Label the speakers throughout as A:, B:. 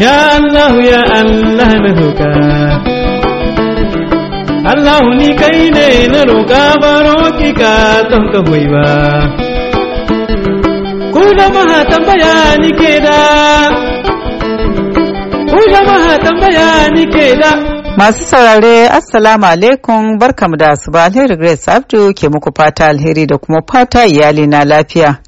A: Ya Allah ya Allah na roƙa Allah ni kai ne na roƙa baro ki ka ton ka hoyi ba
B: Ku jama'a tambaya ni ke da Ku jama'a tambaya ni ke da Masu saurare Assalamu alaikum barkamu da asuba Alheri Grace Abdu ke muku fata alheri da kuma fata iyali na lafiya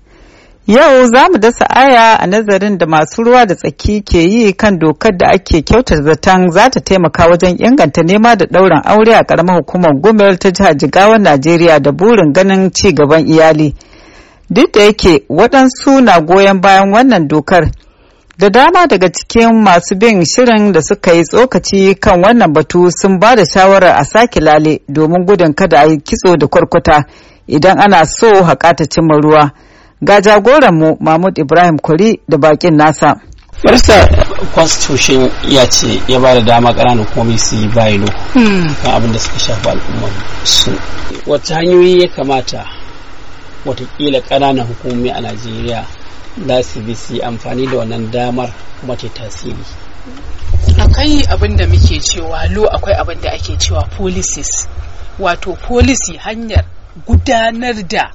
B: Yau za mu dasa aya a nazarin da masu ruwa da tsaki ke yi kan dokar da ake kyautar zaton za ta taimaka wajen inganta nema da ɗaurin aure a ƙaramar hukumar Gumel ta jihar Jigawar Najeriya da burin ganin ci gaban iyali. Duk da yake waɗansu na goyon bayan wannan dokar. Da dama daga cikin masu bin shirin da suka yi tsokaci kan wannan batu sun ba da shawarar a sake lale domin gudun kada a yi kitso da kwarkwata idan ana so haƙa ta cimma ruwa. Ga jagoranmu Mahmud Ibrahim Kuri da bakin nasa. farsa
C: constitution ya ce ya ba da dama ƙananan komai su yi bayano hmm. kan abin da suka shafi al'ummar su. Wata hanyoyi ya kamata watakila ƙananan hukumomi a Najeriya za su bi su amfani da wannan damar kuma ta tasiri.
D: Akwai abin da muke cewa lo akwai abin da ake cewa policies wato policy hanyar gudanar da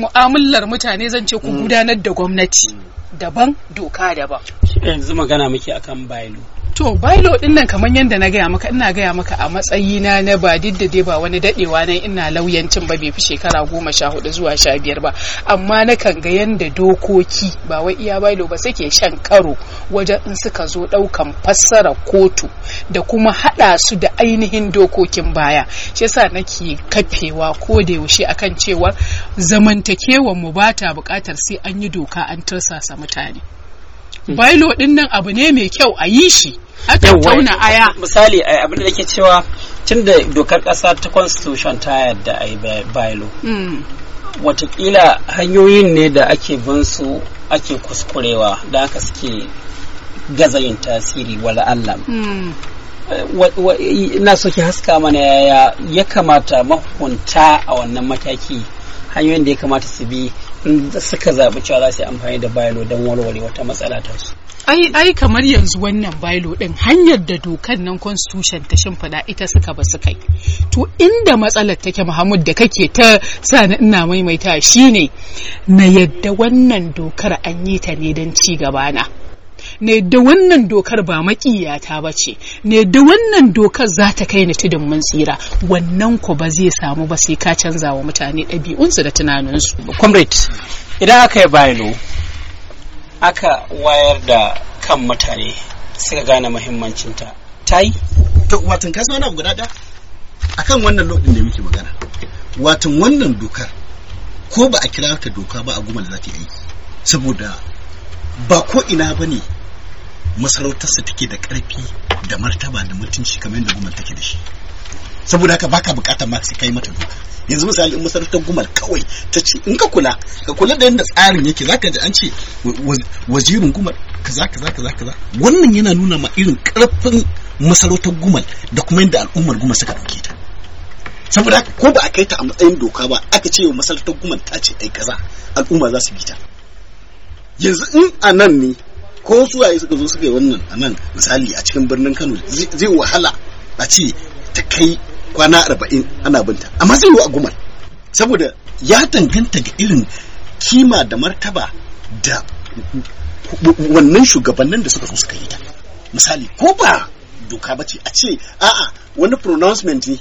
D: mu'amalar mutane zan ce ku mm. gudanar da gwamnati mm. daban doka daban
C: yanzu magana muke akan bailo
D: To bailo din nan kamar yadda na gaya maka ina gaya maka a matsayina na ba diddade ba wani dadewa na ina lauyancin ba bai fi shekara goma sha hudu zuwa sha biyar ba amma na kan ga yadda dokoki ba wai iya bailo ba suke shan karo wajen in suka zo ɗaukan fassara kotu da kuma haɗa su da ainihin dokokin baya shi yasa nake kafewa ko da yaushe akan cewa zamantakewar mu bata bukatar sai an yi doka an tursasa mutane. Hmm. Bailo din nan abu ne mai kyau a yi shi tauna aya misali eh, abin da nake cewa tun
C: dokar kasa ta constitution ta yadda a yi bailo hmm. watakila hanyoyin ne da ake bin su ake kuskurewa da aka suke gaza yin tasiri wala Allah hmm. eh, ina so ki haska mana yaya ya kamata mahukunta a wannan mataki hanyoyin da ya kamata su bi suka zaɓi cewa za su yi amfani da bailo don warware wata matsala ta su.
D: Ai, kamar yanzu wannan bailo din hanyar da dokar nan constitution ta shimfida ita suka ba su kai. To inda matsalar take Muhammad da kake ta sani ina maimaita shine na yadda wannan dokar an yi ta ne don ci gaba na. ne da wannan dokar ba maƙiyata ba ce ne da wannan dokar za ta kai ni tudun mun tsira wannan ku ba zai samu ba sai ka canza wa mutane ɗabi'unsu da tunaninsu. comrade idan aka yi bayano
C: aka wayar da kan mutane
A: suka gane muhimmancinta ta yi to watan kasa wani guda da akan wannan lokacin da muke magana watan wannan dokar ko ba a kira ta doka ba a goma da za ta yi aiki saboda ba ko ina ba ne masarautarsa take da ƙarfi da martaba da mutunci kamar yadda gumal take da shi saboda haka baka bukatar ma sai kai mata doka yanzu misali in masarautar gumal kawai ta ce in ka kula ka kula da yadda tsarin yake zaka ji an ce wazirin gumal kaza kaza kaza kaza wannan yana nuna ma irin karfin masarautar gumal da kuma yadda al'ummar gumal suka dauke ta saboda haka ko ba a kai ta a matsayin doka ba aka ce masarautar gumal ta ce ai kaza al'umma za su bi ta yanzu in a nan ne ko suwaye suka zo suka yi wannan a nan misali a cikin birnin kano zai wahala a ce ta kai kwana arba'in ana binta amma zai yi a gumar saboda ya danganta ga irin kima da martaba da wannan shugabannin da suka zo suka yi ta misali ko ba doka ba ce a ce a'a wani pronouncement ne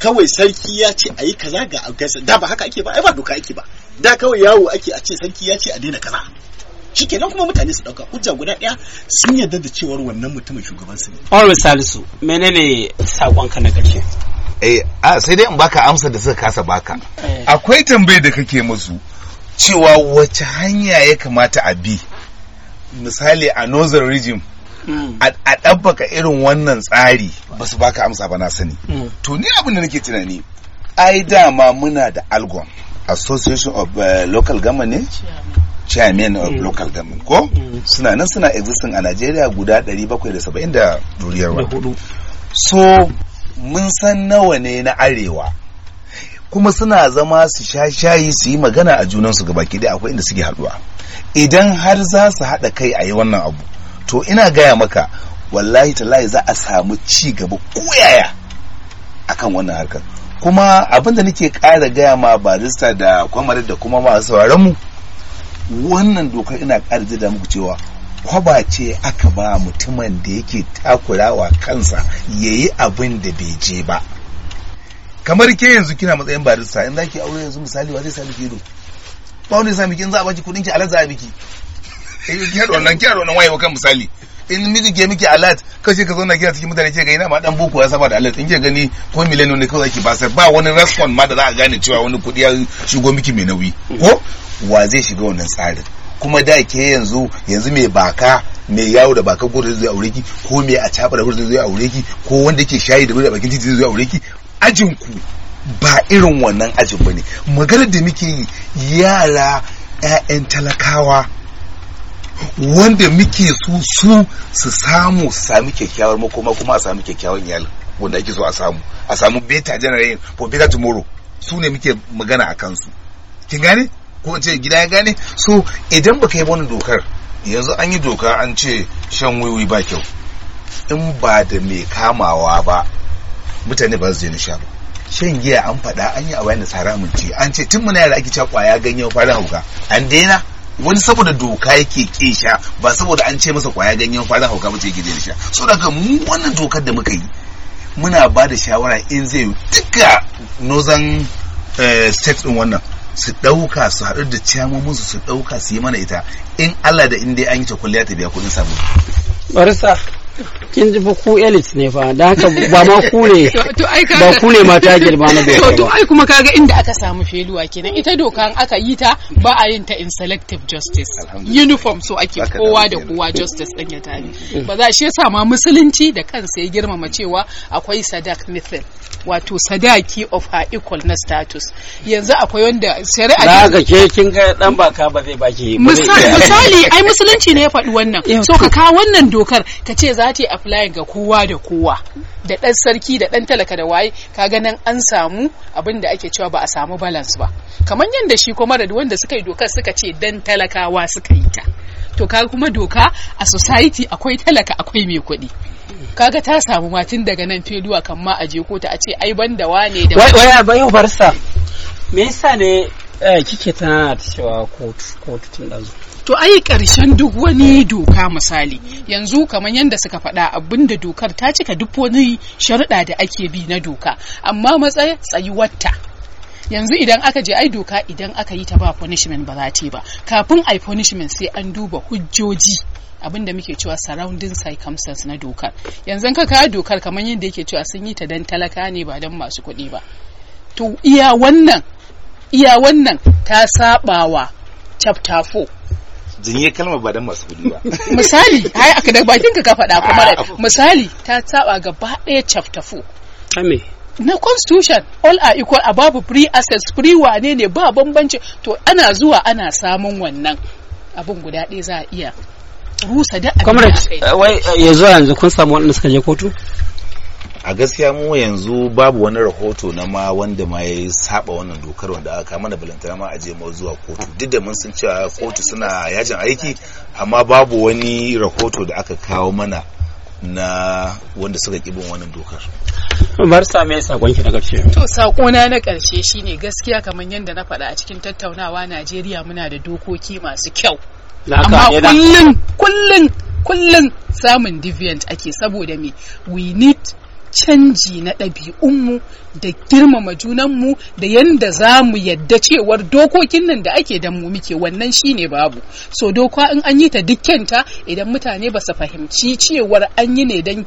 A: kawai sarki ya ce a yi kaza ga da ba haka ake ba ai ba doka ake ba da kawai yawo ake a ce sarki ya ce a daina kaza shikenan kuma mutane su dauka hujja guda daya sun yarda
E: da cewar wannan mutumin shugaban su ne Always Salisu menene ka na karshe eh a sai dai in baka amsa da suka kasa baka eh. akwai tambaye da kake musu cewa wace hanya ya kamata a bi misali a northern region hmm. a ɗabbaka irin wannan tsari ba su baka amsa ba na sani hmm. to ni abin da nake tunani ai dama muna da algon association of eh, local government chairman of mm. local government ko mm. suna nan suna existing a Nigeria guda 770 da duriyarwa so mun san nawa ne na arewa kuma suna zama su sha shayi su yi magana a junan junansu ga baki akwai inda suke haduwa idan har za su haɗa kai a yi wannan abu to ina gaya maka wallahi talahi za a samu ci gaba koyaya akan wannan harkar kuma abinda nake ƙara gaya ma barista da kwamarin da kuma masu sauraron mu wannan dokar ina ƙara da muku cewa kwaba ce aka ba mutumin da yake takurawa kansa ya yi abin da bai je ba kamar ke yanzu kina matsayin barista in za ki aure yanzu misali wa zai sami ki ba wani ya sami ki in za a baki kudin ki alar za a biki eh, ki haɗa wannan ki haɗa wannan wayewa kan misali in miji ke miki alert kashi ka zauna gida cikin mutane ke ga ina ma dan boko ya saba da alert in ke gani ko millennium ne kawai ki ba sai ba wani response ma da za a gane cewa wani kuɗi ya shigo miki mai nauyi ko wa zai shiga wannan tsarin kuma da ke yanzu yanzu mai baka mai yawo da baka gudu zai aure ki ko mai a chapa da gudu zai aure ki ko wanda ke shayi da bakin titi zai aure ki ajin ku ba irin wannan ajin bane maganar da muke yi yara 'ya'yan talakawa wanda muke su su su samu su sami kyakkyawar makoma kuma a sami kyakkyawan yal wanda ake so a samu a samu beta generation for beta tomorrow su ne muke magana a kansu kin gane ko ce gida ya gane so idan baka yi wani dokar yanzu an yi doka an ce shan wiwi ba kyau in ba da mai kamawa ba mutane ba su je nisha ba shan giya an faɗa an yi a wayan mun ce an ce tun muna yara ake cakwaya kwaya ganyen fara hauka an daina wani saboda doka yake ke ba saboda an ce masa kwaya ganyen fara hauka ba ce yake je sha so daga mu wannan dokar da muka yi muna ba da shawara in zai duka northern eh, state din wannan su ɗauka su haɗu da ciyamomin su ɗauka su yi mana ita in Allah da in dai an yi ta kulliya ta biya kuɗin sabo.
C: barista kin ji fa ku elite ne fa da haka ba ma ku ne
E: ba ku
C: ne mata girma na doka to ai kuma kaga
D: inda aka samu feluwa kenan ita doka aka yi ta ba a yin ta in selective justice uniform so ake kowa da kowa justice din ya tare mm. ba za shi yasa ma musulunci da kansa ya girmama cewa akwai sadak mithil wato sadaki of her equal na status yanzu akwai wanda shari'a da ga
C: ke kin ga dan baka ba zai baki misali
D: ai musulunci ne ya faɗi wannan so ka kawo wannan dokar ka ce za ta yi apply ga kowa da kowa da ɗan sarki da ɗan talaka da waye kaga nan an samu abin da ake cewa ba a samu balance ba kamar yadda shi kuma da wanda suka yi dokar suka ce dan talakawa suka yi ta to kaga kuma doka a society akwai talaka akwai mai kuɗi kaga ta samu matin daga nan feduwa kan ma a je ko ta a ce ai ban wane da wai wai
C: bar barsa me yasa ne kike ta cewa kotu tun ɗazu
D: to ai karshen duk wani doka misali yanzu kaman yadda suka faɗa abinda dokar ta cika duk wani sharuɗa da ake bi na doka amma matsayin tsayuwarta yanzu idan aka je ai doka idan aka yi ta ba punishment ba za ta ba kafin ai punishment sai an duba hujjoji abin da muke cewa surrounding circumstances na dokar yanzu ka kawo dokar kamar yadda yake cewa sun yi ta dan talaka ne ba dan masu kuɗi ba to iya wannan iya wannan ta sabawa chapter 4
E: jinye kalmar ba dan masu kudi ba
D: misali ai aka da bakin ka faɗa kuma misali ta saba gaba ɗaya chapter 4 ame na constitution all are equal a babu free assets free wane ne ba bambanci to ana zuwa ana samun wannan abin guda ɗaya za a iya rusa da abin da wai eh,
C: yanzu yanzu kun samu waɗanda suka je kotu
E: a gaskiya mu yanzu babu wani rahoto na ma wanda ma ya saba wannan dokar wanda aka kama da balantana ma aje mu zuwa kotu duk da mun san cewa kotu suna yajin aiki amma babu wani rahoto da aka kawo mana na wanda suka kibin wannan dokar Marsa me sakon ki na karshe
D: to sakona na karshe shine gaskiya kamar yadda na faɗa a cikin tattaunawa Najeriya muna da dokoki masu kyau
C: amma kullun
D: kullun kullun samun deviant ake saboda me we need canji na ɗabi'unmu da girmama junanmu da yadda za mu yadda cewar dokokin nan da ake da mu muke wannan shine babu so doka in an yi ta dukkanta idan mutane ba su fahimci cewar an yi ne don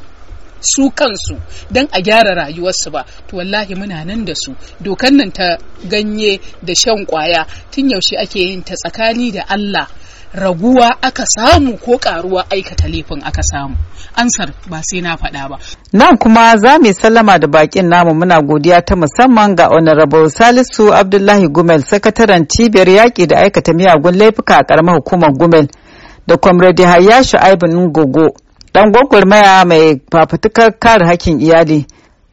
D: su kansu don a gyara rayuwarsu ba to wallahi muna nan da su dokan nan ta ganye da shan kwaya tun yaushe ake yin ta tsakani da Allah raguwa aka samu ko karuwa aikata laifin aka samu ansar ba sai na faɗa ba
B: nan kuma za mu sallama da bakin namu muna godiya ta musamman ga honorable salisu abdullahi gumel sakataren cibiyar yaƙi da aikata miyagun laifuka a ƙaramar hukumar gumel da comrade hayashu aibin gogo ɗan gwagwarmaya mai fafutukar kare hakkin iyali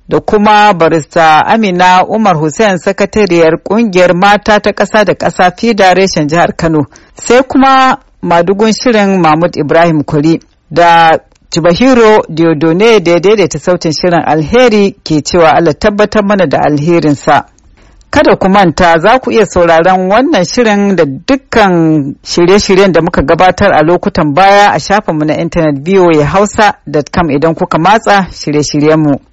B: da kuma barista Amina Umar Hussein sakatariyar kungiyar mata ta ƙasa da ƙasa fida reshen jihar Kano sai kuma madugun shirin Mahmud Ibrahim Kuri da Tibahiro Diodone da daidaita sautin shirin alheri ke cewa Allah tabbatar mana da alherinsa. Kada ku manta za ku iya sauraron wannan shirin da dukkan shirye-shiryen da muka gabatar a lokutan baya a shafinmu na intanet voahausa.com idan kuka matsa shirye-shiryenmu.